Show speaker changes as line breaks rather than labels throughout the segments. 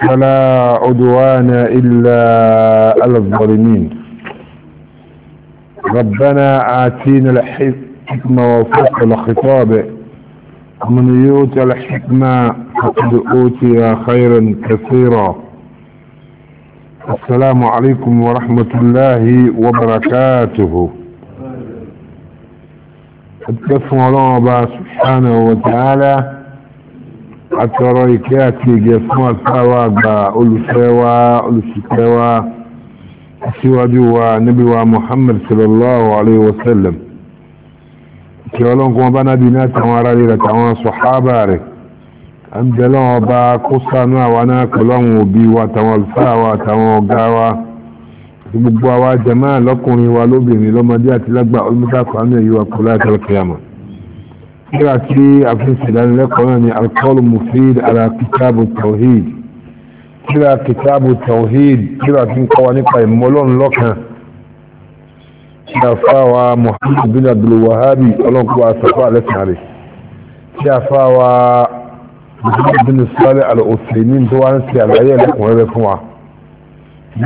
فلا عدوان إلا على الظالمين ربنا آتينا الحكمة وفق الخطاب ومن يؤتى الحكمة فقد أوتي خيرا كثيرا السلام عليكم ورحمة الله وبركاته أتكفوا الله سبحانه وتعالى àtọrọ ìkẹ́ àti ìgẹ̀ fún àtàwà àgbà olùfẹ́wà olùsìfẹ́wà síwájú wa níbi wa Muhammad sallallahu alaihi wasallam kí ọlọ́nkún ọba náà bí náà tàwọn ará rẹ̀ tàwọn sọ̀hábà rẹ̀ an bẹ̀lọ́ ọba kó sánú àwa náà òbí wa tàwọn alfáàwà tàwọn ọ̀gá wa gbogbo àwa jàmáà lọ́kùnrin wa lóbìnrin lọ́mọdé àti lágbà olùmọ́tàkọ̀ àmì ẹ̀yíwa kọlá àtàlùkẹ́yàmọ̀ kíra kí àfihàn ìdánilẹ́kọ̀ọ́ náà ni alkọ́lù mufid ala kitabu tawhid kíra kitabu tawhid kíra tí ń kọ́wa nípa ìmọ́lọ́n lọ́kàn tí a fáwa muhammad bin abdulwahabi ọlọ́kùnwa sọ́fà alẹ́sàrẹ̀ tí a fáwa muhammad bin salih al-usaini tó wá ń ṣe àlàyé ẹlẹ́kùnrin rẹ̀ fún wa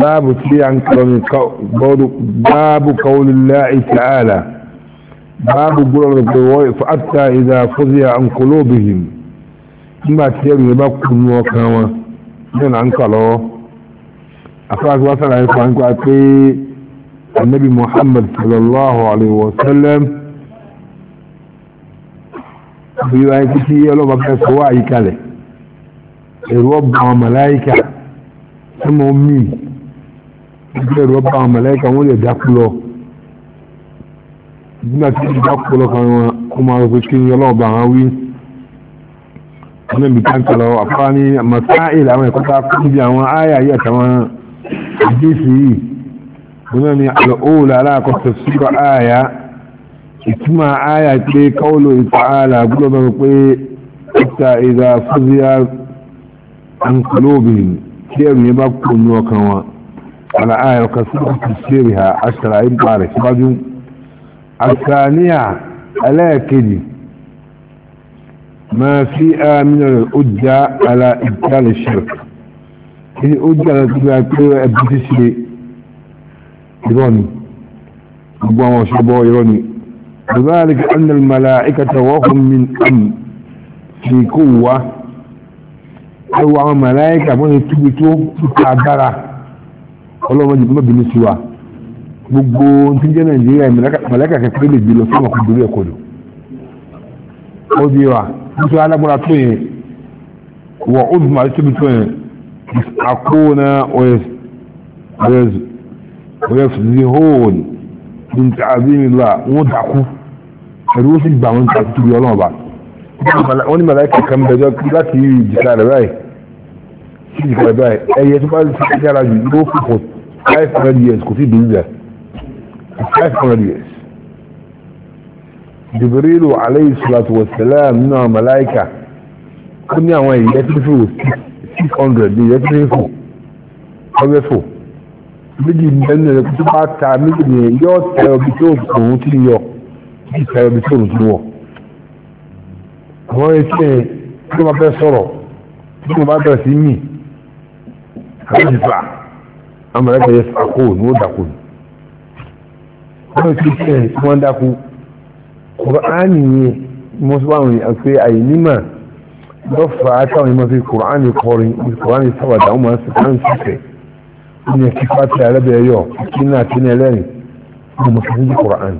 báàbù tí a ń kọ́ ni báàbù kawulillah ta'ala باب قول القوي فأتى إذا فزع عن قلوبهم ما تيري بكم وكما من عن قلوه أفاك وصل عليه فعنك أتي النبي محمد صلى الله عليه وسلم في رأيك يلو بقى سواعي كالي الرب وملائكة سمهم مين الرب وملائكة مولي داخلوه nígbà tí ìdá pọ̀lọ̀ kan wọn kó máa rọ̀ pé kí ni ọlọ́ọ̀bà àwọn wí ọlọ́ọ̀bì táǹkì lọ àpá ní masáìlì àwọn ẹ̀kọ́ta níbi àwọn áyà yìí àtàwọn àdéhìsì yìí wọn náà ni àlọ́ọ̀lá aláàkọ́sọ̀ síkọ̀ áyà ìtumọ̀ áyà pé káwọ́lò ìtààlà gbọ́dọ̀ bẹ̀rẹ̀ pé ìta ìdá fúzíà àǹkọ́lóbìn kí ẹ̀rù yẹn bá kó nú ọkàn wọn àlà áyà ọkàn síkọ̀ sí àtàníà ẹlẹ́ẹ̀kejì ma fi àmìnà ọjà ala ìgbàlẹ̀ shirk ní ọjà lọ́tọ́gbà pé ẹbí ti ṣe ìrọ́ni gbogbo àwọn ọ̀ṣọ́bọ̀ ìrọ́ni وذلك أن الملائكة وهم من أمن في قوة أو ملائكة من تبتو تتعبرة ọlọ́mọdé mọ́bìnrin sí wa gbogbo tí ń jẹ́ nàìjíríà mọ̀lẹ́kà kẹfẹ́ lè gbé lọ sí ọkọ̀ ìgbélé ẹ̀kọ́ lò ó di wa nítorí alágbára tó yẹn wọ ọdún máa tóbi tó yẹn àkóónà ọ̀yẹ̀sì hóòn ní àbíyìnlá wọn dàkú ẹ̀rú ó sì gbà wọn tàbí tóbi ọlọ́ọ̀bà wọ́n ní mọ̀lẹ́kà kan bẹ̀jọ́ láti jìkà rẹ̀ báyìí sí jìkà rẹ̀ báyìí ẹ̀yẹ tó bá ti ṣe jù ló fò for five hundred years kò sí dùn jẹ́ 500 years jibrilu alayhi salatu wasalam nínú àwọn mẹ́láìkà ó ní àwọn ìyẹ́ tí fò 600 ní ìyẹ́ tí fò ọgbẹ́ fò méjì mẹ́rin rẹ̀ tó bá ta méjì ní yọ́ tẹ ọbí tó òun tí yọ bí tẹ ọbí tó òun tí wọ̀ àwọn etí ẹ̀ tí wọ́n bẹ́ sọ̀rọ̀ tí wọ́n bá bẹ̀rẹ̀ sí mì àwọn ìfà àwọn mẹ́láìkà yẹ fà kóòn ó dàkóòn wọ́n ti tẹ̀ wọ́n dákú kùránì yẹn mọ́sùláwìn àti àìnímọ̀ lọ́fà àtàwọn ìmọ̀ sí kùránì kọrin kùránì sábàdà wọ́n máa ń sèkán síkẹ̀ ní ẹ̀kí pàtẹ́ alẹ́bẹ̀ẹ́ yọ kí náà kí ní ẹlẹ́rìn wọ́n mọ̀ sí kùránì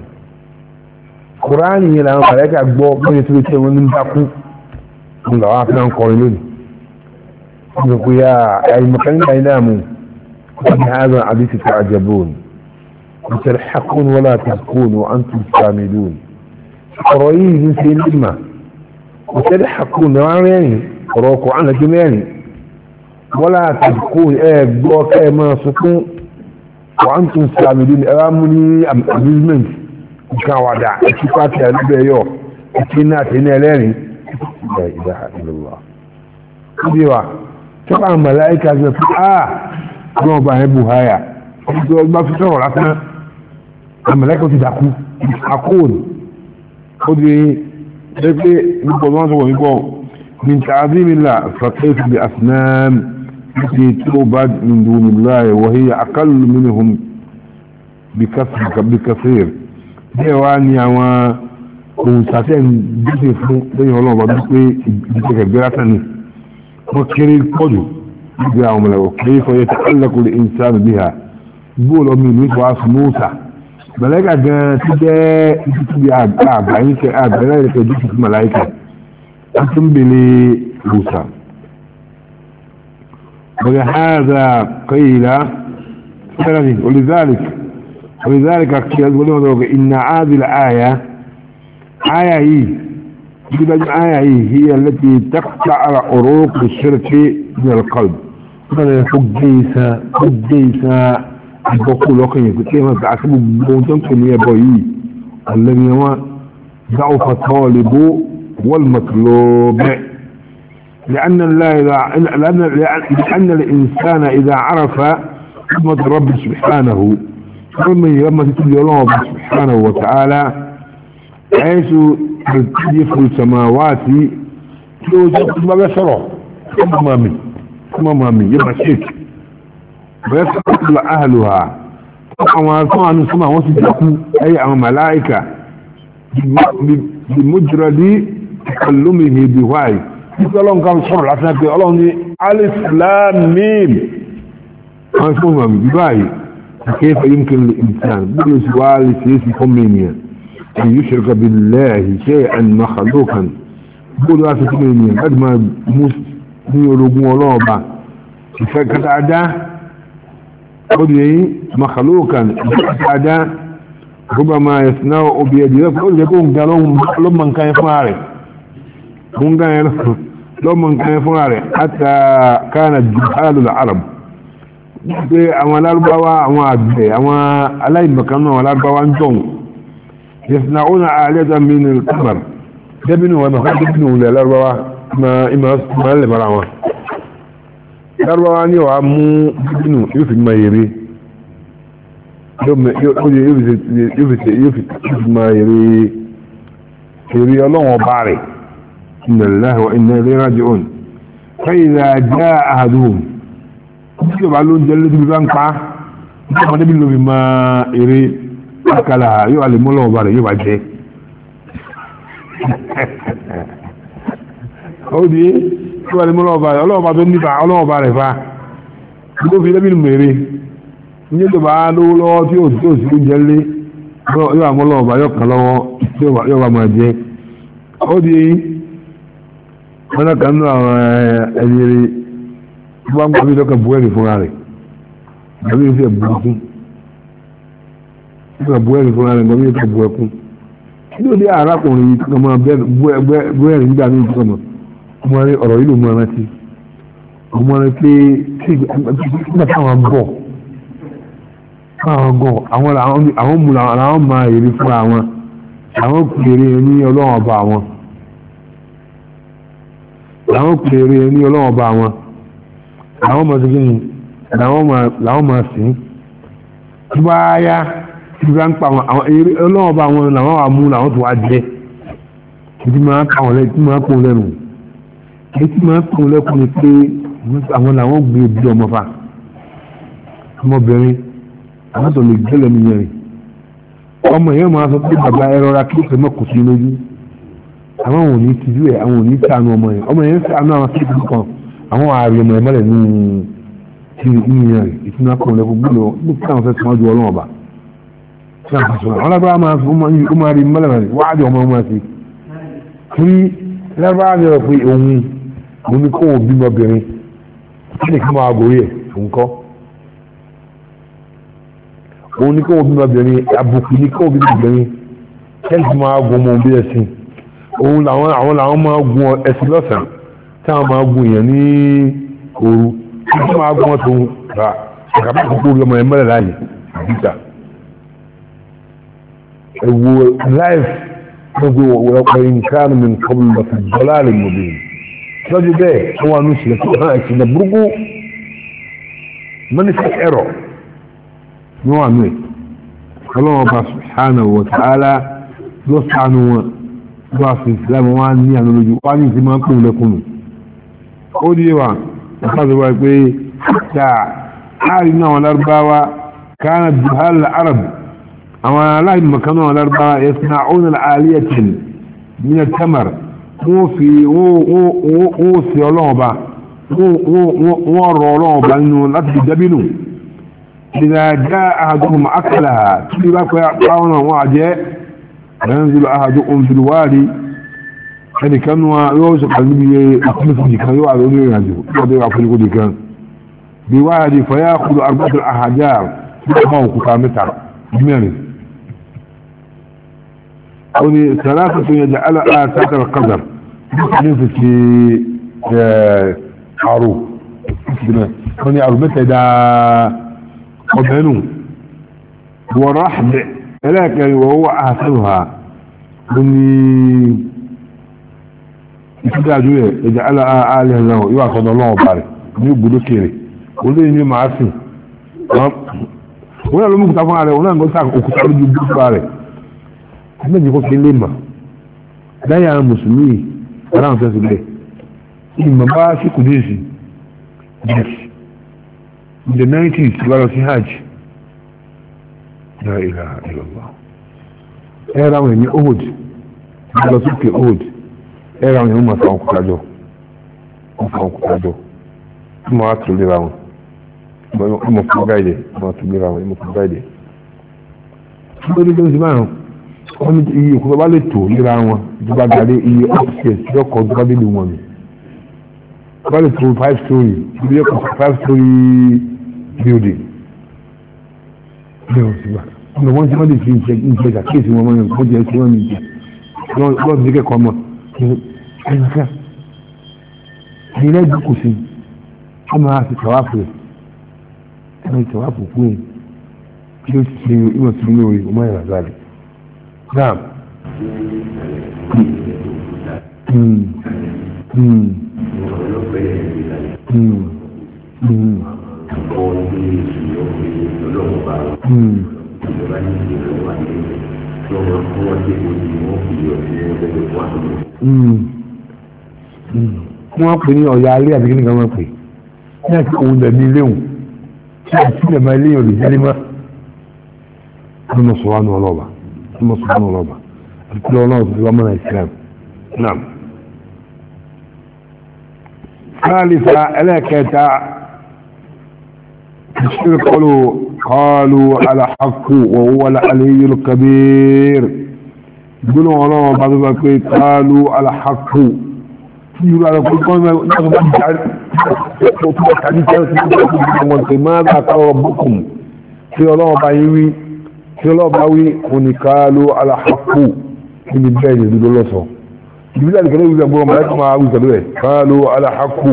kùránì yẹn làwọn mọ̀lẹ́kà gbọ́ bóyá tó tẹ̀ wọ́n ń dákú ń làwọn afẹ́ràn kọrin lónìí wọ́n sọ pé yá àìmọ̀kánilá iná mu wọ́n تلحقون ولا تبكون وأنتم سامدون قرأيه من سيد الإمة وتلحقون يعني قرأكوا عنها جميعني ولا تبكون ايه بوك ايه ما سكون وأنتم سامدون أرامني أم أبيزمنت كان وضع اتفاتي ألبي يو اتنات هنا لاني لا إله إلا الله قديوا تبع ملائكة زفاء آه ما بحبوا هايا ما في شغل عسنا àmàlẹ́kọ̀ ti dàkú àkóòn ó di pé nípa wọn sọ̀rọ̀ nípa من تعظيم الله فكيف بأصنام التي تعبد من دون الله وهي أقل منهم بكثير ديوان يعوى òǹsàtẹ́ ń dúpẹ́ fún lẹ́yìn ọlọ́ọ̀bá dúpẹ́ ìdíkẹ̀kẹ̀ gbératá ni wọ́n kéré pọ̀jù níbi àwọn ọmọlẹ́wọ̀ kéré fọyẹ́ tí alákòólé ìsáàmù bí ha gbóòlọ́mí ní màláìkà gan ti jẹ́ ìtútùbí àgbáyínkẹ́ àgbáyínkẹ́ ojú tuntun màláìkà a tún bèèrè lùsà bẹ̀rẹ̀ hàzà kọ́yìlá sẹ́rẹ̀lì olùzáàlìk olùzáàlìk àkíyà gbọ́dọ̀ ọ̀gá ìnà àzìlà àyà àyà yìí gidan aya هي التي تقطع عروق الشرك من القلب هذا يحجيسا حجيسا lọ́kàn yẹn gbà sí gbogbo ohun tó ń pè ní ẹbọ yìí wọ́n dá òfò tán lè bó lọ bẹ́ẹ̀. لأن الإنسان إذا عرف حكمة رب سبحانه ثم يرمى تتبع الله سبحانه وتعالى حيث تجف السماوات يوجد ما بشره ثم ما من ثم ما من يبقى شيء ويفتقد أهلها طبعا طبعا نسمع وصف أي أو ملائكة بمجرد تكلمه بوعي يقولون كان صور العسنة يقولون ألف لا ميم مفهومة بوعي كيف يمكن للإنسان بل سؤال سيسي كومينيا أن يشرك بالله شيئا مخلوقا بل سؤال سيسي كومينيا قد ما موسى يقولون الله بقى فكذا قدري مخلوقا بعد ربما يصنع بيده فقل يكون قالوا لمن كان يفعل من كان يفعل لمن كان يفعل حتى كانت جهال العرب pé àwọn alárúbáwá àwọn àgbẹ̀ àwọn aláìmọ̀kánú àwọn alárúbáwá ń jọun yẹ̀sìnà ó na àlẹ́ta mínú kàmàrù débìnú wọn mọ̀ká débìnú ilẹ̀ alárúbáwá ìmọ̀ lẹ̀mọ́ra wọn lárúbáwá ní ọ̀há mú nínú yóò fi máa yèrè yóò fi máa yèrè yèrè ọlọ́wọ̀n ọba rẹ̀ inna lillahi wa inna ilayhi raji'un fa idha jaa ahaduhum tí ọba ló ń jẹ lójú bíbá ń pa ní ọmọdé bí lóbi máa eré àkàlà yóò alẹ́ mọ́ lọ́wọ́ ọba rẹ̀ yóò bá jẹ́ ó di tí wà ní mọ́lọ́ọ̀bá rẹ̀ ọlọ́ọ̀bá tó nípa ọlọ́ọ̀bá rẹ̀ fa ló fi lẹ́bí mèrè ní tó bá lówó lọ́wọ́ tí ó sì tó sì ń jẹ́lé yóò wà mọ́lọ́ọ̀bá yóò kàn lọ́wọ́ yóò wà máa jẹ́ ó di mọ́nàkà nínú àwọn eh, ẹni rẹ̀ tó bá ń gbà mí lọ́kàn bú ẹ̀rì fúnra rẹ̀ gbàmí ló fi ẹ̀ bú ẹkún ó kàn bú ẹ̀rì fúnra rẹ̀ gbàmí ló fi ẹ̀ bú ẹkún kí ọmọ rẹ ọ̀rọ̀ yìí ló mú ọ rántí ọmọ rẹ pé nígbà táwọn bọ̀ káwọn gọ̀ àwọn mú àwọn máa èrè fún àwọn àwọn kùlèrè ní ọlọ́wọ́n ọba àwọn àwọn kùlèrè ní ọlọ́wọ́n ọba àwọn àwọn ọmọ tuntun yìí làwọn máa sìn tí bá yá ń pa àwọn ọlọ́wọ́n ọba àwọn làwọn àmú làwọn tó wá jẹ tí máa kà wọ́n lẹ́nu èyí máa ń pọ̀ lẹ́kùn ni pé àwọn làwọn gbé ebi ọmọ fa ọmọbìnrin àwọn tó lè gbé lẹ́nu yẹn rìn ọmọ yẹn máa sọ pé bàbá ẹ rọra kí ìfẹ́ mọ̀ kò sí lójú àwọn ò ní tìjú ẹ̀ àwọn ò ní sànù ọmọ yẹn ọmọ yẹn sànù àwọn akéwì kan àwọn ààrẹ ọmọ yẹn mọ́lẹ̀ ní ìyẹn rẹ̀ èyí máa pọ̀ lẹ́kùn gbọ́dọ̀ ní kí àwọn fẹ́ sọ ọjọ́ ọlọ́wọ́ bá kí àwọn fẹ́ sọ àwọn alágbára máa fi ó mo ní kó wọn bímọ obìnrin kí nìkan máa gòrí ẹ̀ tó ń kọ́ òun ní kó wọn bímọ obìnrin àbùkù ní kó wọn bímọ obìnrin kẹ́ǹtì máa gun ọmọ bí ẹ̀sìn òun làwọn àwọn làwọn máa gun ẹ̀sìn lọ́sàn-án tí àwọn máa gun èèyàn ní òru kí wọ́n máa gun ọ̀tún rà àkàbà àkókò ọmọ ẹ̀ mẹ́rẹ̀ láàyè àbíkà ẹ̀wọ̀ láìf gbogbo ọ̀pọ̀ nǹkan mi kọ́ mi lọ́sàn-án rẹ̀ mọ̀ bẹ́ẹ̀ lọ́dún bẹ́ẹ̀ wọ́n wà ní ìṣẹ̀lẹ̀ tó hàn ìṣẹ̀lẹ̀ burúkú manifest error ni wọ́n wà ní ọlọ́wọ́n bá subhanahu wa ta'ala ló sànù wọn ló wà sí ìsìlámù wọn ní àná lójú wọn ní ìsìnmọ́ pè ń lẹ́kùn ó di wa ìfàṣẹ wa pé ta láàrin náà wọn lárúbáwá kánà duhal arab àwọn aláìmọ̀kánà wọn lárúbáwá yasna'una aliyatan min al-tamar wọ́n fi wọ́n fi ọlọ́run ọba wọ́n rọ ọlọ́run ọba nínú láti fi dẹ́bínú ìdílé ajá àhàdùn àkàlà tí bá pẹ́ àwọn àwọn àjẹ́ yanzu ba ahadu umfil wari ẹni kan wa yóò sọ kalmi biye akúlùfù nìkan yóò àwọn onírìn àjò yóò bẹ̀rẹ̀ akúlùfù nìkan bí wáyà di fàyà kúrò agbábọ̀ àhàjá tí ó máa òkúta mẹ́ta mẹ́rin ó ní sàlátà tó yẹ jẹ́ aláàtàkàrà kazar ní fi ṣe àrò wọ́n ni àrò nù ha ni ìtúdájú rẹ̀ ẹ̀jẹ̀ alẹ́ ẹ̀rọ yóò àkọ́dọ̀ ní lè ní màá sìn yà òkúta fún náà ń òkúta lójú kó fi lè mà mùsùlùmí ara nǹkan sí bẹ́ẹ̀ ìmọ̀ bá sí kùdíìsì yes in the nineties ti wá lọ sí hajj la ilaha illallah ẹ̀rọ àwọn èèyàn old wọ́n lọ sókè old ẹ̀rọ àwọn èèyàn máa fa òkúta jọ wọ́n fa òkúta jọ wọ́n máa tó lera wọn wọ́n máa fún gáìdẹ̀ wọ́n máa tó lera wọn wọ́n fún gáìdẹ̀ wọ́n wọ́n ní iye ìkú bá lè tó léra wọn ìjọba gàdé iye upstairs yóò kọ́ ọdún kábílì wọn ni bá lè tó five story ibi yóò kọ́ five story building bẹ́ẹ̀ òsì wa ọ̀nà wọ́n ti wọ́n lè fi ìṣe ìṣe ìṣàkíyèsí wọn mọ́yàn kó jẹ́ kí wọ́n mi jẹ lọ́ọ̀dún ní kẹ́kọ̀ọ́ mọ̀ ẹ̀yìnká ẹ̀yìn náà dúkù sí ọmọ àti tàwáfù ẹ̀ ẹ̀yìn tàwáfù kú ẹ̀ kí ó ti ṣe ìmọ̀ sí mi ò rí ọmọ ìrànlọ́rẹ̀. Naam. Mm. Mm. Mm.
Mm. Mm.
wọ́n pè ní ọ̀yà alẹ́ àti kíni kan wọ́n pè ní àti òun dẹ̀ ní iléhùn tí àti ilẹ̀ máa iléyìn olùjẹ́lẹ́mọ́ ló mọ̀ sọ wá nù ọlọ́ọ̀bà. الله سبحانه وتعالى الكل والله سبحانه الإسلام نعم ثالثة ألا كتا تشير قالوا قالوا على حق وهو العلي الكبير يقولوا الله بعض الوقت قالوا على حق يقولوا على كل قوم ماذا قال ربكم في الله بعيوي tí ọlọ́ọ̀bá wí oníkàálù aláhàkù níbi bẹ́ẹ̀ ní ìdúró lọ́sọ̀ ibi láti kẹ́lẹ́ ìwé ẹgbọ́n mọ̀lẹ́kì máa wí pẹ̀lú ẹ̀ kàálù aláhàkù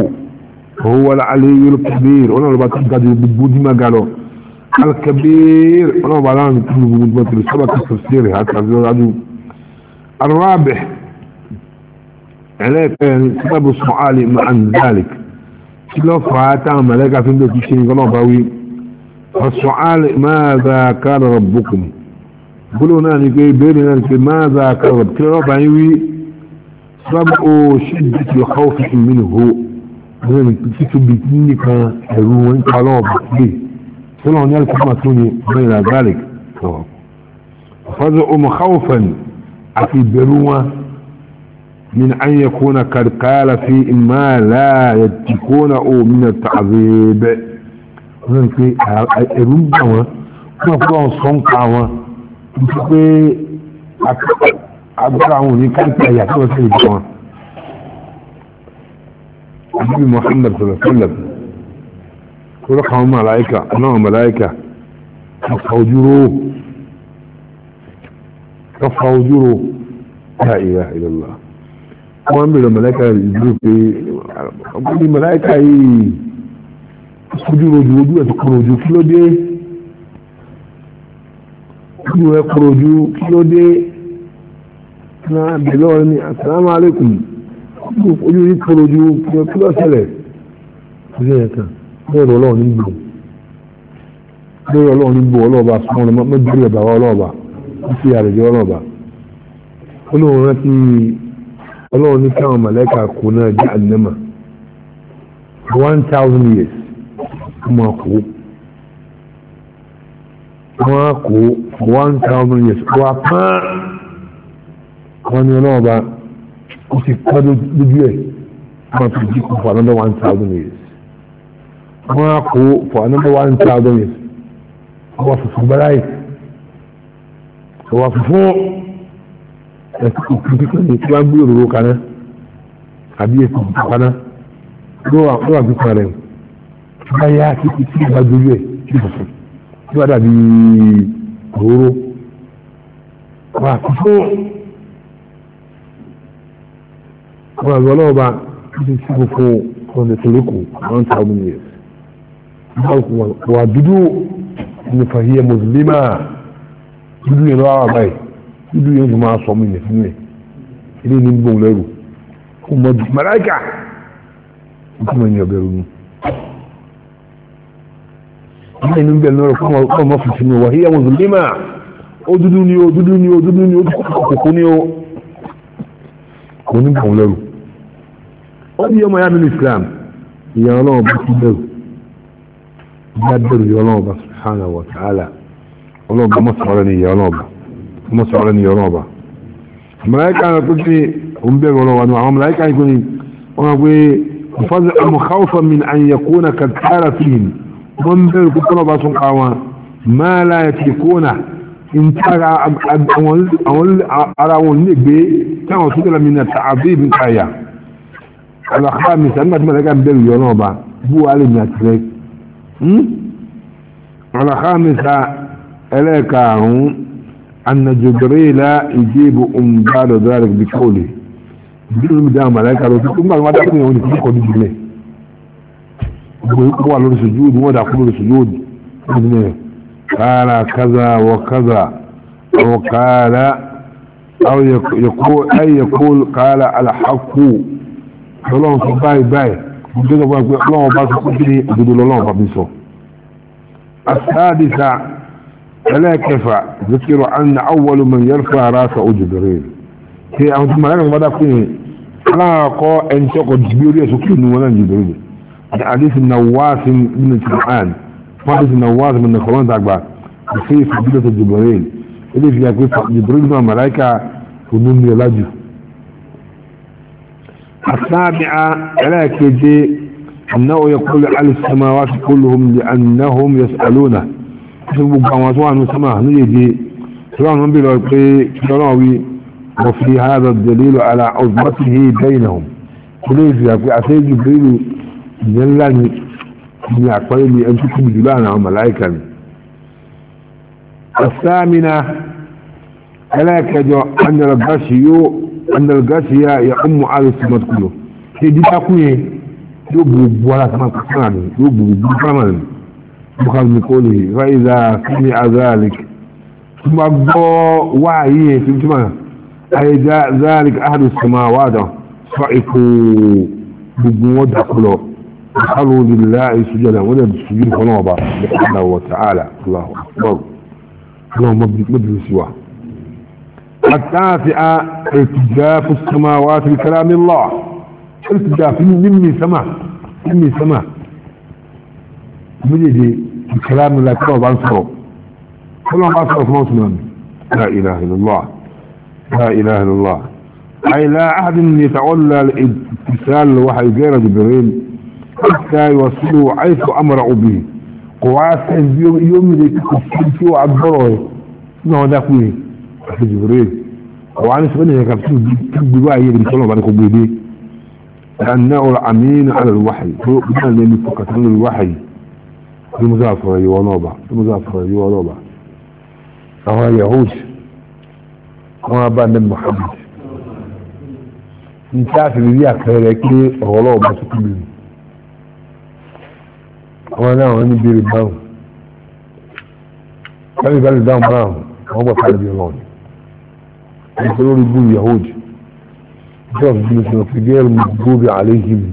owó aláàlẹ́yìn kẹbíir ọlọ́ọ̀bá tó ga ju gbogbo dímà ga lọ alkẹbíir ọlọ́ọ̀bá aláàlẹ́yìn tó ju gbogbo dímà tó sábà tó sọ̀sẹ̀rẹ̀ àkàzọ́rájú arábẹ̀ ẹlẹ́ẹ̀kẹ́rin sábàbù sọ̀hálì máa ń dálẹ̀ kí فالسؤال ماذا قال ربكم قلوا ناني كي بيننا كي ماذا قال ربكم كي رب عيوي سبع شدة الخوف منه من تتبتني كأروان قلوب ليه سلون يلك ما توني بين ذلك فضع مخوفا أفي بروة من أن يكون قد قال في ما لا يتكون من التعذيب ọlọ́run pé ẹ̀rù ń bà wọ́n fún ọ̀pọ̀lọpọ̀ sọ ń pa wọn nítorí pé agbára àwọn òní káàkiri àyà tó wọ́n sì bọ̀ wọn. Àbíbí Muhammad sọ̀rọ̀ sọ́lẹ̀ kúrọ̀ kan màláìkà náà màláìkà kafa ojúro kafa ojúro ya ìyá ìlọ́lá. Wọ́n ń bèrè màláìkà ìdúró pé ọgbọ́n ni màláìkà yìí ojú rojú ojú ẹ̀ tó kúrò ojú kí ló dé ojú ẹ̀ kúrò ojú kí ló dé náà bẹ̀rẹ̀ ọ̀rẹ́ ni asalaamu aleykum ojú yìí kúrò ojú kí ló ṣẹlẹ̀ ojú ẹ̀ kan bẹ́ẹ̀ rọ̀ ọlọ́run ní gbò bẹ́ẹ̀ ọlọ́run ní gbò ọlọ́ọ̀ba sọ́run mẹ́bẹ̀rẹ̀ bàbá ọlọ́ọ̀ba ó sì àrẹ̀jẹ́ ọlọ́ọ̀ba olóhùn rántí ọlọ́run ní káwọn mọ̀lẹ́kà kò náà jẹ́ àdínẹ́mà one thousand years kuma kó wọ́n á one thousand years wá pán wọ́n ní ọlọ́wọ́ bá ó sì kọ́ lójú ẹ̀ wọ́n fi jí for another one thousand years wọ́n á for another one thousand years wọ́n wá funfun báláyé wọ́n wá funfun ẹ̀sìn ìpínpín ní tí wọ́n á gbé kaná àbí ètò ìpínpín kaná ló wà ló wà pípa rẹ̀ wọ́n báyà kí kí ìgbà dojú ẹ̀ kí fòfin kí wàá dàbí òróró wà á fún àwọn àgbà náà bá kí ti sí fòfin ọ̀nà ìtòlókò àwọn thousand years wà dúdú nípa yẹ mùsùlùmá dúdú yẹn lọ́wọ́ àbáyé dúdú yẹn tó máa sọ mí nìfún mi ilé ní gbóhùn lẹ́rù kó mọ́ màláìkà kó mọ́ ní ọ̀bẹ̀rù mi ọmọ inú bẹ̀rẹ̀ lọ́rọ̀ fún ọmọ fìtì ní wà híyà wọn zùn límà ó dúdú ní ó dúdú ní ó dúdú ní ó kòkó ní ó kò ní kàn lẹ́rù ó ní ọmọ yá nínú Islam ìyá ọlọ́run bá ti bẹ̀rù ìyá bẹ̀rù ìyá ọlọ́run bá subhanahu wa ta'ala ọlọ́run bá mọ̀sọ̀rọ̀ ní ìyá ọlọ́run bá mọ̀sọ̀rọ̀ ní ìyá ọlọ́run bá mọ̀láyíká náà tó ti òun bẹ̀rù ọlọ́run àwọn mọ̀láyíká yìí kò ní wọ́n máa pé mufazil amukawfa min an yakuna kankara fihim wọ́n bẹ̀rẹ̀ kó tọ́lọ̀ bá tún ká wọn máa láyé tí kó nà ń tára ara wọn lè gbé táwọn tó tẹ̀lé mi nà ta àbí ìbí hmm? káyà alàkàrà mi sàn nígbà tí màlẹ́kà ń bẹ̀rù yọ náà bá bú wa lè mi mi sàn ẹlẹ́ẹ̀karùn-ún anna jibrila ijibu umbado dhalik bi qawli bi dum da malaika ro tun ba ma da kun yoni ko di ne wà lórí sùjúdù wọ́n dàkú lórí sùjúdù ọdún kààlà kaza wa kaza wa kààlà aw yẹkó kààlà alhaku lọ́lọ́run sọ báyìí báyìí gbogbo ọgbà pé ọlọ́run bá sọ kúkú ní òdodo lọ́lọ́run bá mi sọ. asáàdìsá ẹlẹ́ẹ̀kẹfà zikiru anna awwalu man yarfa rasa ojubere ṣe àwọn tí màlẹ́kàn bá dákú yẹn aláàkọ́ ẹni tí ọkọ̀ jùbí orí ẹ̀sùn kìlú wọn náà jùbẹ̀rẹ̀ حديث النواس بن سمعان حديث النواس بن خلون تقبع في فضيلة جبريل إذا في يقول جبريل مع ملائكة فنون يلاجه السابعة على كيجي أنه يقول على السماوات كلهم لأنهم يسألونه يسألوا بقاماتوا عن السماء نيجي سواء من بلوكي كروي وفي هذا الدليل على عظمته بينهم كليجي يقول عسيجي جبريل ìyẹn ńlá ni ní àpárí ni ẹjú kúrò jùlọ àwọn màláìkà ni ọ̀sáàmìnà ẹlẹ́ẹ̀kẹjọ andalgasi yóò andalgasi yá ya ọmọ àrùsí mọ́tòkúlò ṣe dídákùn yẹn yóò gbogbo ara sama kásánà ni yóò gbogbo fámà ni bukal mikoli faiza kini azalik kuma gbọ́ wáyé yẹn fi túmọ̀ ayé zalik ahadu samawa dán sọ ikú gbogbo wọn dàkú دخلوا لله سجدا ولا بسجود فنوبة سبحانه وتعالى الله أكبر اللهم مجلس سواه التاسعة التجاف السماوات بكلام الله التجاف مني سماء مني سماء دي بكلام لا كلام بانصره كلام بانصره في موسم لا إله إلا الله لا إله إلا الله أي لا أحد يتولى الاتصال وحي غير جبريل حتى يوصلوا حيث أمروا به قواس يوم ذلك كفتي وعبره إنه ذاك ويه أخي جبريل وعن سؤالي هيك بتبدي بقى هي اللي بيطلعوا بعد كوبيدي لأنه الأمين على الوحي هو بنا لأن فقط عن الوحي المزافرة يوانوبا المزافرة يوانوبا فهو يهود هو بعد محمد انت عارف اللي بيها كهلاكي هو الله بس كبير àwọn aláwọ̀ ní bèrè báwọn bẹ́ẹ̀ bá lè dáhùn báwọn àwọn bọ̀ fún ẹbí ọlọ́run ní pé lórí bú yahood jọ́ọ̀sì bí mo sọ pé gẹ́rù mi gbóbi àléhìm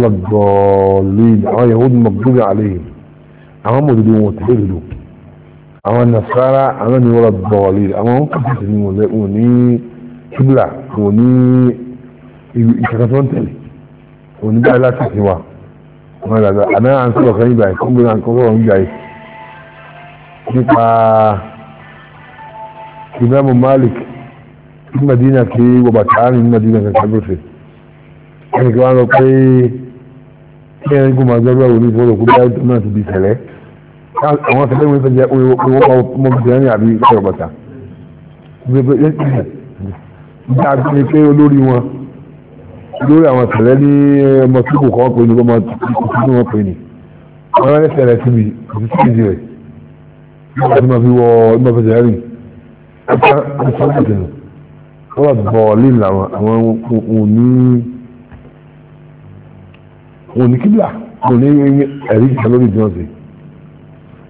wọ́n dọ̀ọ̀lì àwọn yahood mọ̀ gbóbi àléhìm àwọn mọ̀ dídí wọn tẹ̀lé dodo àwọn nasara àwọn ni wọ́n dọ̀ọ̀lì àwọn kàkàtì ni wọ́n ní kíbla wọ́n ní ìkàkàtì wọn tẹ̀lé wọ́n ní báyìí láti fi wa wọ́n dàgbà àmì à ń sọ̀rọ̀ kan nígbà yìí kọ́ńgbé náà kọ́kọ́ ń gbà yìí nípa ìmáàmù Malik ní Madina kí wọ́n bàtà á ní Madina kankan bẹ́sẹ̀ ẹnì kan wá lọ pé kí ẹni kó máa gbẹ́rù ẹ̀wò ní ìfowópamọ́ kó dáa náà ti di tẹ̀lẹ́ àwọn tẹ̀lé wọn fẹ́ jẹ́ owó pa ọmọbìnrin ní àbí ìfẹ́ ọ̀bàtà
ìgbà
tó ní pé olórí wọn lórí àwọn tẹ̀lẹ́ ní eh, ọmọ tí kò kọ́ pé ní ọmọ tí wọ́n pè ní wọ́n rán ẹsẹ̀ rẹ̀ síbi àti síbi rẹ̀ nígbà tí wọ́n fi wọ ọmọ fẹsẹ̀ rìn ẹ̀ka ẹ̀ka ọ̀tẹ̀ nù wọ́n wà bọ̀ọ̀lì làwọn àwọn òní òní kíbla òní ẹ̀rí ìjà lórí ìjọ sí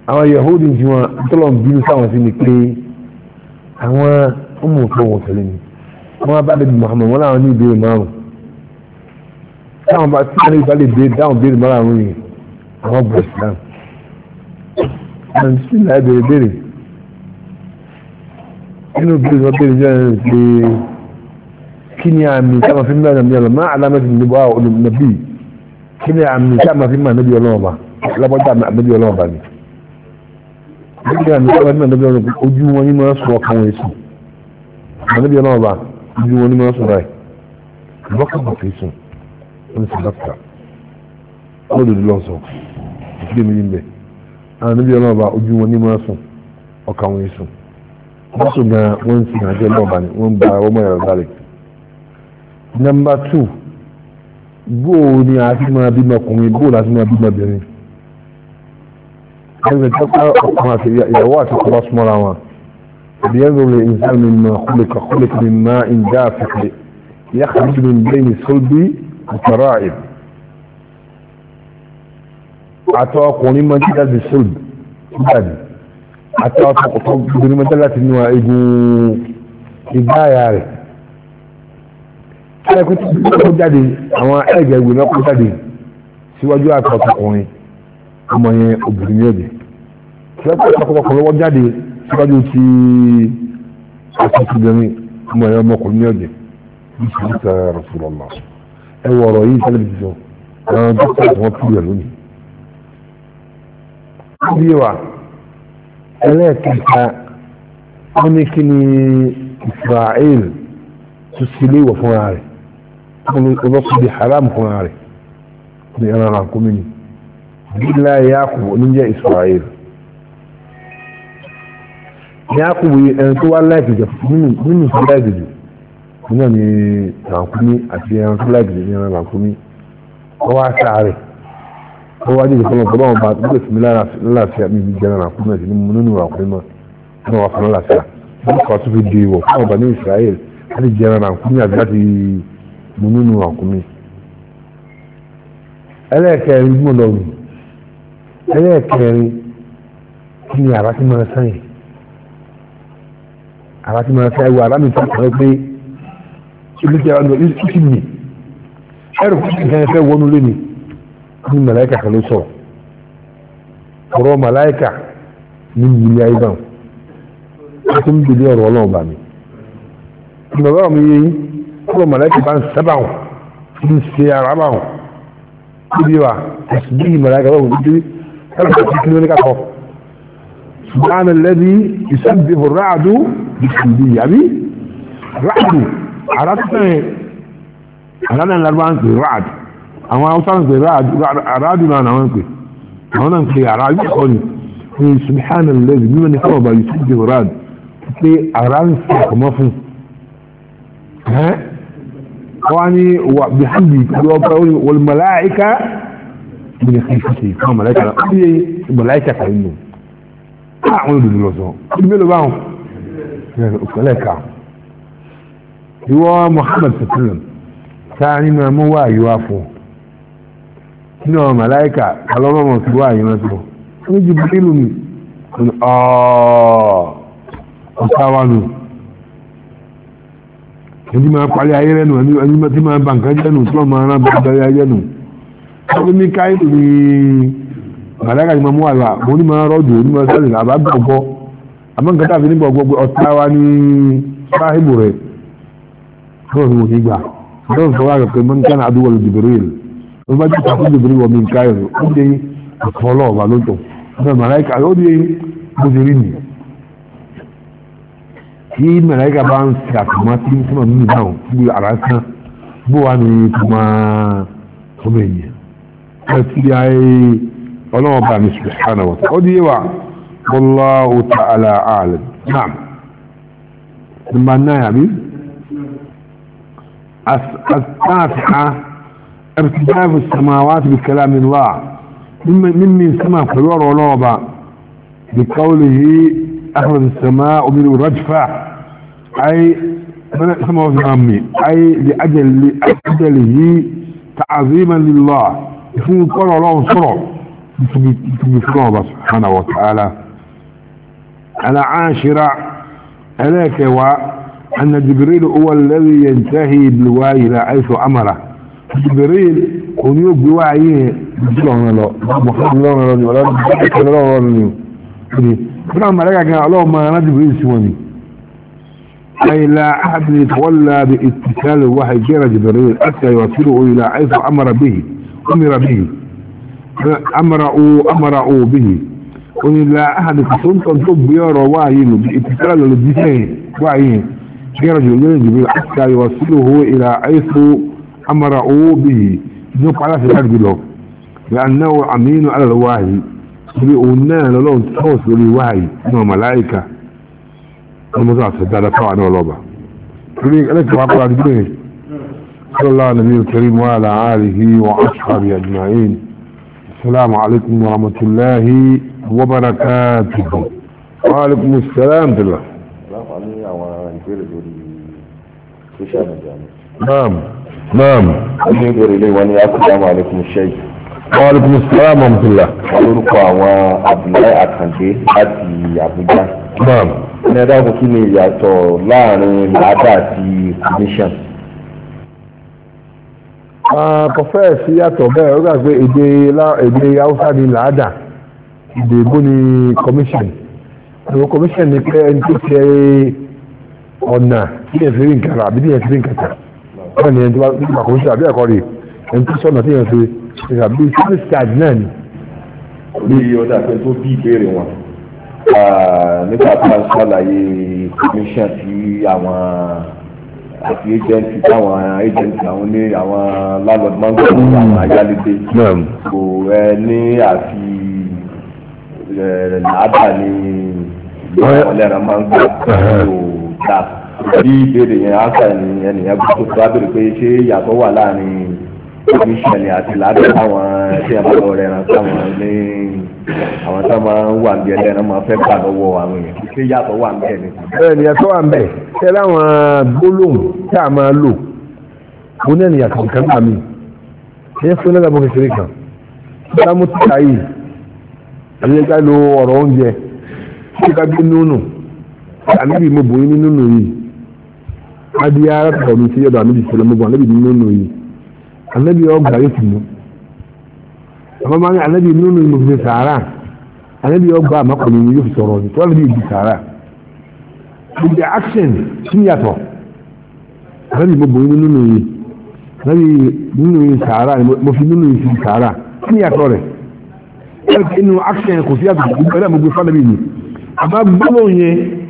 àwọn Yahudi ti wọn tọ́lọ̀ ń bínú sáwọn sí ni pé àwọn ọmọ òkè wọn tẹ̀lé ni wọ́n bá débi Muhammad wọn láwọn ní ìbéèrè márùn-ún táwọn bá tí wọn bá lè dé dáhùn béèrè mọ́ra àwọn yìí àwọn gbọ̀ islam àwọn tí ìlà béèrè béèrè nínú béèrè wọn béèrè jẹ́ ẹni pé kí ni àmì tí a máa fi mọ́ ẹ̀nàmí ọlọ́mọ alámẹ́sì ní bọ́ àwọn olùmọ̀bí kí ni àmì tí a máa fi mọ́ ẹ̀nàmí ọlọ́mọba lọ́bọ́jà àmì ọlọ́mọba ni kí ni àmì tí a máa fi mọ́ ojú wọn ni máa sọ ọkàn wọn èso àmì ọlọ́mọba ojú wọn ni máa sọ ráì lọ́kàn wọn fi sùn ń sọ dáfíà olùdí lọ́sọ̀ ìdílé mi níbẹ̀ àwọn níbi ọlọ́run ọba ojú wọn ní máa sùn ọkà wọn sùn wọ́n sùn gan wọ́n ń sin àjẹ́ ọlọ́run ọba ni wọ́n ń ba ọmọ ẹ̀rọ dálẹ̀. nọ́mbà tù bóò ni a ti máa bímọ ọkùnrin bóò la ti máa bímọ obìnrin. ẹnlẹ̀ tó ká ọkùnrin àti ìyàwó àti ọkọ̀ bá súnmọ́ra wọn. ìdíyẹ́rù rẹ̀ ìsáàmì máa kúlẹ̀kọ̀ kúlẹ̀kọ̀ mi máa ń dá àfikẹ́ yàtọ̀ àtọ̀rọ̀ àtọ̀ ọkùnrin mọ́ jíjá di sọ́ọ̀lù nígbàdì àtọ̀ ọkùnrin mọ́ jíjá láti nú egun igbá àyà rẹ̀ ẹ̀kú tí wọ́n jáde àwọn ẹ̀gẹ̀ ìwé náà kó jáde síwájú àtọ̀ ọkùnrin ọmọ yẹn obìnrin yẹn bẹ̀ lọ́pọ̀ ọkùnrin wọ́n jáde síwájú ti àtọ̀ ọkùnrin ọmọ yẹn ọmọkùnrin yẹn bẹ̀ bí sọ́ọ̀lù sọ́ọ̀rọ̀ sọ́ọ̀rọ̀ náà ẹ wọ ọ̀rọ̀ yìí sẹ́lẹ̀ bìtì sọ àwọn dókítà tí wọ́n fi rẹ̀ lónìí. bí wa ẹlẹ́ẹ̀kẹta wọ́n ní kí ni Israel tún sí ilé ìwọ̀ fúnra rẹ̀ wọ́n ní ọlọ́kùnrin bíi haram fúnra rẹ̀ ní ẹran àkómi ni bílá Yakubu oníjẹ́ Israel Yakubu yìí ẹni tó wá láìpẹ́ jẹ nínú ìfẹ́ láìpẹ́ jù náà ni rànkúmí àti ẹran tó láì gidi ní ẹran rànkúmí ó wá sáré ó wá jẹ́ ìfọ́nà ọ̀pọ̀ báwọn bá gbé sí mi láàfíà mi jẹ́ ẹran rànkúmí àti nínú rànkúmí mọ́ náà wà fún láàfíà wọ́n kọ́ tó fi di ìwọ̀ fún ọba ní Israel láti jẹ́ ẹran rànkúmí àti láti mú nínú rànkúmí ẹlẹ́ẹ̀kẹrin mú lọ rù ẹlẹ́ẹ̀kẹrin kí ni àbá ti máa sáyìn àbá ti máa sáyìn wo àbá mi tó kàn ibi tí a lọ ìsì mi ẹrù nǹkan ẹfẹ wọnú lé mi ní màláìka kan ló sọ ọ̀rọ̀ màláìka ní yìí ayé bá wọn tó ń bèbè ọ̀rọ̀ Ọlọ́run bá mi bàbá mi yé ọ̀rọ̀ màláìka bá ń sábà wọn ń ṣe ara bá wọn níbi wa ẹsùn bí màláìka bá wọn ń dé
ẹrù kan tó kíni wọn ká kọ
subhana alladhi yusabbihu ar-ra'du bi hamdihi àbí ra'du àràtúntẹ̀ àràdà ńlárúbá ń pè ráàd àwọn haúsá ń pè ráàd àràdù náà àwọn ń pè àwọn náà ń pè àràdù kọ́ ni ní subhana lẹ́bi mímọ́ ní káwọ̀ bá yìí sí ti ráàd pé àrà ń fi ọmọ fún wọ́n ní wà bí hàndì pẹ̀lú ọgbà wọ́n mọ̀láìka bí ní kí fìṣe káwọn mọ̀láìka náà ó yẹ mọ̀láìka kàrí nù àwọn olùdílọ́sọ̀ ọdún mélòó báwọn Malaika? ìwọ́ Muhammad sallam ta ni ma mú wá àyíwá fún nínú àwọn màláìkà alọ́mọ̀mọ̀ sí wá àyíwá tó ní Jibrilu ni ọ̀sáwánu ẹni máa parí ayé rẹ̀ nù ẹni tí máa bà nǹkan jẹ́ nù tí wọ́n máa rán bá darí ayé nù ó ní káyìlù ni màláìkà ni ma mú àlà mo ní máa rọ́jò ní máa sẹ́lẹ̀ àbá gbọ̀gbọ́ àmọ́ nǹkan tàbí nígbà gbogbo ọ̀sáwá ní sáhìbù rẹ̀ هو المهيجة هو الفوارق من كان عدوا لجبريل وما جيت عدو جبريل ومن كاير قدي أطفاله بعلوته فالملائكة قدي مجريني في ملائكة بان سياتماتي. ثم من داون في عراسنا بواني ثم ثمانية فتي أي ولو بان سبحانه وتعالى قدي والله تعالى أعلم نعم لما نعم التاسعة ارتجاف السماوات بكلام الله ممن سمع فلور ولوبا بقوله أخرج السماء من رجفة أي من السماء والسماء أي لأجل لأجله تعظيما لله يكون قول الله صرع الله سبحانه وتعالى على عاشرة ألاك وعلى أن جبريل هو الذي ينتهي بالوعي إلى حيث أمره جبريل كون يوب بوعيه بجلون الله محمد الله الله ولا بجلون الله الله بنا ملكا كان الله ما أنا جبريل سواني أي لا أحد يتولى باتصال الوحي غير جبريل حتى يوصله إلى حيث أمر به أمر به أمره أمره به وإن لا أحد يتسلطن تبير وعيه باتصال الجسين وعيه خرج من جبريل حتى يوصله إلى حيث أمره به نوك على في له لأنه أمين على الواهي يقولنا لو لي واهي إنه ملائكة المزاعة هذا طبعا والله تريد لك وعبر الدين صلى الله على النبي الكريم وعلى آله وأصحابه أجمعين السلام عليكم ورحمة الله وبركاته وعليكم السلام بالله
ìbéèrè lórí social media ni.
naam naam. wọ́n ní ìbéèrè ilé wọn ni asalaamu alaykum sheik.
wa alaykum salaam wa rahmatulah. wọ́n lórúkọ àwọn abdullahi akande láti abuja. naam. ní ẹ̀dá kò kí ni ìyàtọ̀ láàrin làádà àti commission.
kọfẹ́ sí yàtọ̀ bẹ́ẹ̀ ó gbà pé èdè haúsá ni làádà èdè ìbò ni commission. àwọn commission ni pé ẹni tó ṣe é ọ̀nà tí yẹn fi rí nǹkan rà àbí tí yẹn fi rí nǹkan tà wọ́n ní ẹni tó bá nípa kò ń ṣe àbí ẹ̀kọ́ rí ẹni tó sọ̀nà tí yẹn fi ṣe àbí service charge náà ni.
orí ọ̀dà pé tó bí ìbéèrè wọn nígbà tá a ṣàlàyé commission tí àwọn àti agenti táwọn agenti àwọn ní àwọn landlord máa ń gbọ́ àwọn ayálégbé kò ẹ ní àfi làádà ní ìgbà wọn lẹ́ran máa ń gbà dà bí ìbéèrè yẹn áṣà ènìyàn nìyẹn bí tó bá béèrè pé ṣé ìyàtọ̀ wà láàrin kọmíṣọ̀nì àti làádọ́ táwọn tí a bá lọ rẹ̀ ràn táwọn ní àwọn tá máa ń wà níbi ẹlẹ́ran máa fẹ́ gbà lọ́wọ́ àwọn èèyàn ṣé ìyàtọ̀ wà níbẹ̀ ni. bẹ́ẹ̀ ni ìyàtọ̀ wà níbẹ̀
ṣé láwọn gbólóhùn tá a máa lò mo ní ìyàtọ̀ nǹkan gbà mí ṣé fún ní ọ̀dàbọ̀ kékeré kan sámú títa yìí àti lo ọ̀rọ̀ oúnjẹ ṣé ká gbé nínú ànábì mo bò yín yi yìí adìyẹ arákùnrin mi ti yọ̀dọ̀ ànábì sọ̀rọ̀ mo bò ànábì nínú yìí ànábì ọgbà yóò tún mú àwọn máa ń ànábì nínú yìí mo fi sàárà ànábì fi sọ̀rọ̀ ní tí wọ́n lè bí gbogbo action kí ni yàtọ̀ ànábì mo bò yín mo fi fi action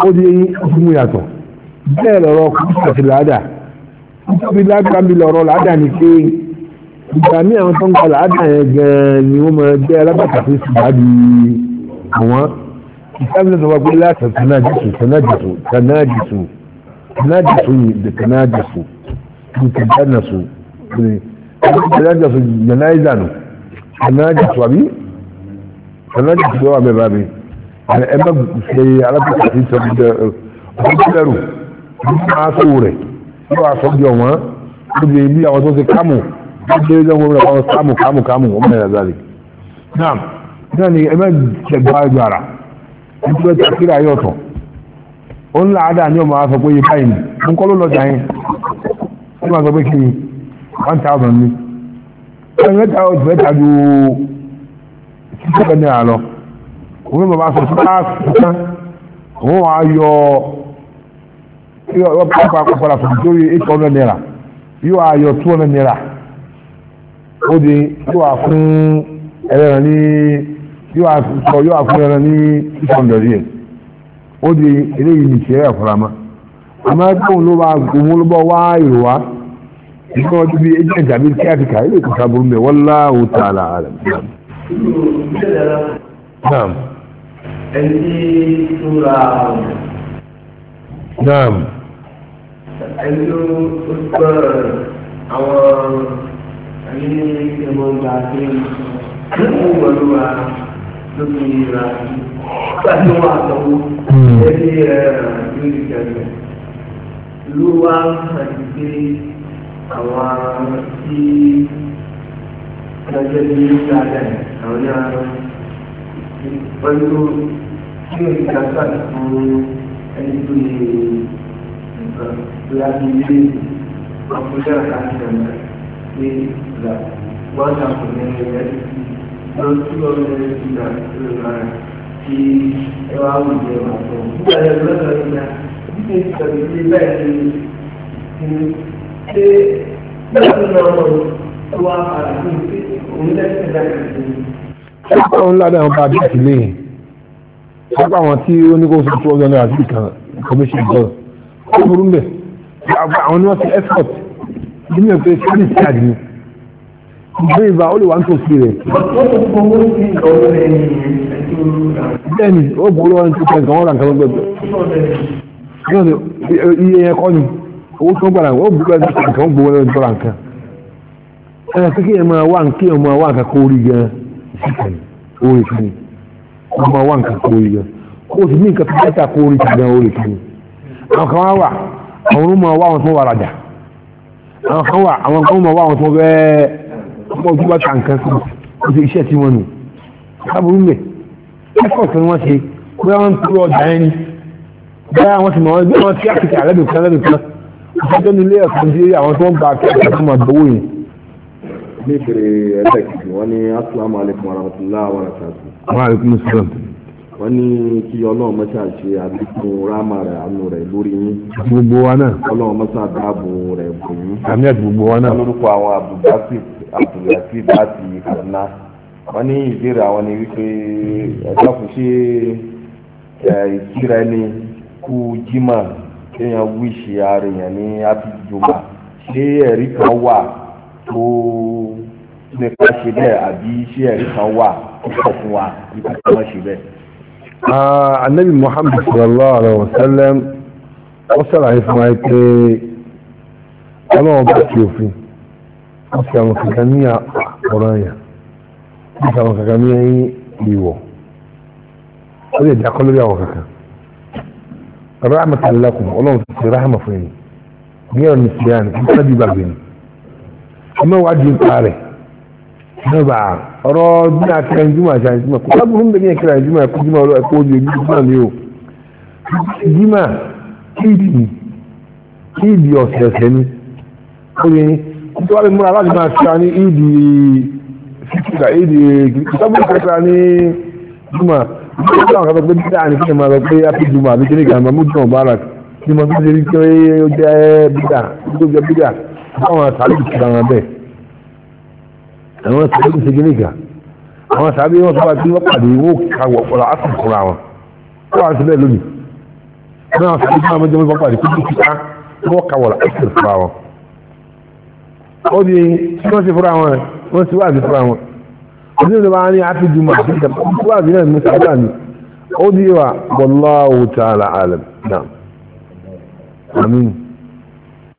ó di fún yàtọ̀ bẹ́ẹ̀ lọ́rọ̀ kúrò àti làádà nítorí lágbàmí lọ́rọ̀ làádà ni pé ìgbà ní àwọn tó ń gba làádà yẹn gan-an ni wọ́n máa jẹ́ alábàtà tó sì bá di àwọn ìsáfẹ́ tó wá pé láti tẹ̀nájìsù tẹ̀nájìsù tẹ̀nájìsù tẹ̀nájìsù yìí tẹ̀nájìsù tẹ̀nájìsù tẹ̀nájìsù tẹ̀nájìsù àbí tẹ̀nájìsù wà bẹ́ẹ̀ bá bẹ́ẹ̀. يعني اما في على بتاعتين سبيل ọ̀pọ̀lẹ́rù máa sóò rẹ̀ yóò àsọ́jọ́ wọn níbi ibi àwọn tó ti kámù gbé lọ́wọ́ rẹ̀ wọn kámù kámù kámù wọn mẹ́rin àzáre náà náà ni ẹgbẹ́ ìṣẹ̀gbà ìgbàrà nítorí ẹ̀ta kíra yóò tàn ó ń láàdá ní ọmọ aṣọ pé iye báyìí ni ń kọ́ ló lọ́jà yẹn ó máa sọ pé kí ni one thousand ni ẹgbẹ́ ta ọ̀tún mẹ́ta ju sísẹ́kẹ́ náà lọ òun bàbá sọ sí káàkiri kan òun wà á yọ yọ pápá kọkọrọ fún nítorí eight hundred naira yóò wà á yọ two hundred naira ó di yóò wà fún ẹlẹ́ran ní yóò wà sọ yóò wà fún ẹlẹ́ran ní six hundred yẹn ó di eléyìí ní ìṣẹ́ ẹ̀fọ́ra mọ́ àmọ́ ẹgbẹ́ ló bá òun ló bá wá ìrò wá ìgbọ́n ọdún bíi ẹjẹ́ ìjàmbí kí á ti kà ilé ìkọ̀ṣà burú mẹ́ wallahu ta'ala alam. Naam.
Thank you, Nam. Thank you, Awal ini kita membahas semua dunia semua tahu jadi eh, ini jadi luar hati awal si kerja di awalnya pẹ̀lú kí o ti gbàgbà fún ẹni tó lè nǹkan tó yá sí ilé àpòjá àti ẹ̀mọ́ pé ìgbà wọ́n ṣàkóso ẹ̀rẹ́ lọ sí ọ̀rọ̀ ẹ̀rẹ́ ìgbà tó lè rà kí ẹ wá wù jẹ́ wà tó. Nígbà yẹn lọ́dọ̀ ìgbà bí o ti sọ̀rọ̀ ilé báyìí ni ṣé ìgbà tó lọ́wọ́ tó wá padà sí òun lẹ́sẹ̀ láti ṣe
ọ̀hún ládà àwọn bá bíi ìtìlẹ̀ yìí sábà àwọn tí ó ní kó sọ two hundred naira sí kan commission gan ó burú mbẹ àwọn ni wọ́n ti export nínú ẹ̀ pé service charge ni ìgbé ìbá ó lè wá ń tó sí rẹ̀. bẹ́ẹ̀ni ó burú wọn tó kẹ́kẹ́ wọn rà nǹkan gbẹgbẹ iye yẹn kọ́ ni owó tó ń gbàdá ó burú ẹni tó kẹ́kẹ́ wọn gbowó lẹ́nu tó rà nǹkan ẹ̀ kékeré máa wá nǹkan máa wá nǹkan kó rí gan-an kíkà ní orí kan ní wọ́n máa wá nǹkan kó yíyọ kó o sì ní nǹkan tó kẹta kó orí kan orí kan ní àwọn kan wá wà àwọn ọmọ wa wọn tó wà rajà àwọn kan wà àwọn kan wà wọn tó bẹ́ẹ̀ ọmọ tó bá ta nǹkan sí o sì iṣẹ́ tí wọ́n nù sábúrú mẹ́ ẹ̀kọ́ kan wọ́n ṣe bóyá wọ́n ń tó ọjà ẹni bóyá wọ́n ti mọ̀ wọ́n tí àkìtì àlẹ́bìkan lẹ́bìkan ìṣẹ́jọ́ nílé ẹ̀kọ́ sí àwọn tó ń gba akẹ́kọ̀ọ́ tó
ní ìbèrè ẹlẹ́kìtì wọ́n ní asalaamu wa rahmatulah wa barakatu.
wa aleykum salaam.
wọ́n ní kí ọlọ́run mọ́ṣá ṣe àdínkùn
gbogbo wa náà.
ọlọ́run mọ́ṣá dáàbò rẹ̀ bò yín. àmì àti gbogbo wa náà. olórúkọ àwọn abdulgasif abdulgasif kaduna ni tó nípa ṣe bẹ́ẹ̀ àbí ṣé ẹ̀rí kan wà púpọ̀ fún wa nípa tí wọ́n ṣe bẹ́ẹ̀.
anabi muhammad sallallahu alaihi wa sallam wọ́n sàlàyé fún wa pé ọlọ́run bá ti òfin wọ́n fi àwọn kankan ní ọ̀rọ̀ yẹn wọ́n fi àwọn kankan ní ìwọ̀ wọ́n lè dákọ́ lórí àwọn kankan rahmatan lakum ọlọ́run ti rahma fún yín ní ọ̀rọ̀ nìkìyàn kí n sábì bàgbé ni ọmọ ìwádìí ń pa rẹ̀ nígbà ọ̀rọ̀ bí a kíra ìjúmọ̀ àti àìjúmọ̀ kò bá burú nígbà kíra ìjúmọ̀ ẹ̀kọ́ ìjúmọ̀ ọ̀rọ̀ ẹ̀kọ́ ojú ìjúmọ̀ mi o ìjúmọ̀ kíìdì kíìdì ọ̀sẹ̀ọ̀sẹ̀ ni ó yẹ kí wọ́n lè múra láti máa kíra ní ìdì fífìlà ìdì ìtọ́gbọ̀n kíra ní ìjúmọ̀ ìjúmọ̀ àwọn kan tó gbé dáa ní kí ni máa lọ pé happy juma àbí kí ni gàmà mú jùmọ̀ bára kí ni mo tún ṣe rí pé ó jẹ́ bídà àwọn tàbí ti dára bẹ́ẹ̀ àwọn tàbí ti gíní ga àwọn tàbí wọn tó bá tí wọ́n pàdé wó kàwọ̀ ọ̀rọ̀ àtìkúra wọn tó wà sí bẹ́ẹ̀ lónìí náà tàbí tí jẹ́ wọ́n pàdé kúrò kíkà wọ́n kàwọ̀ àtìkúra wọn ó di tí wọ́n ti fúra wọn wọ́n ti wáàzí fúra wọn ọdún ìjọba ní àti jùmọ̀ àti wáàzí ó di wa wallahu ta'ala alam náà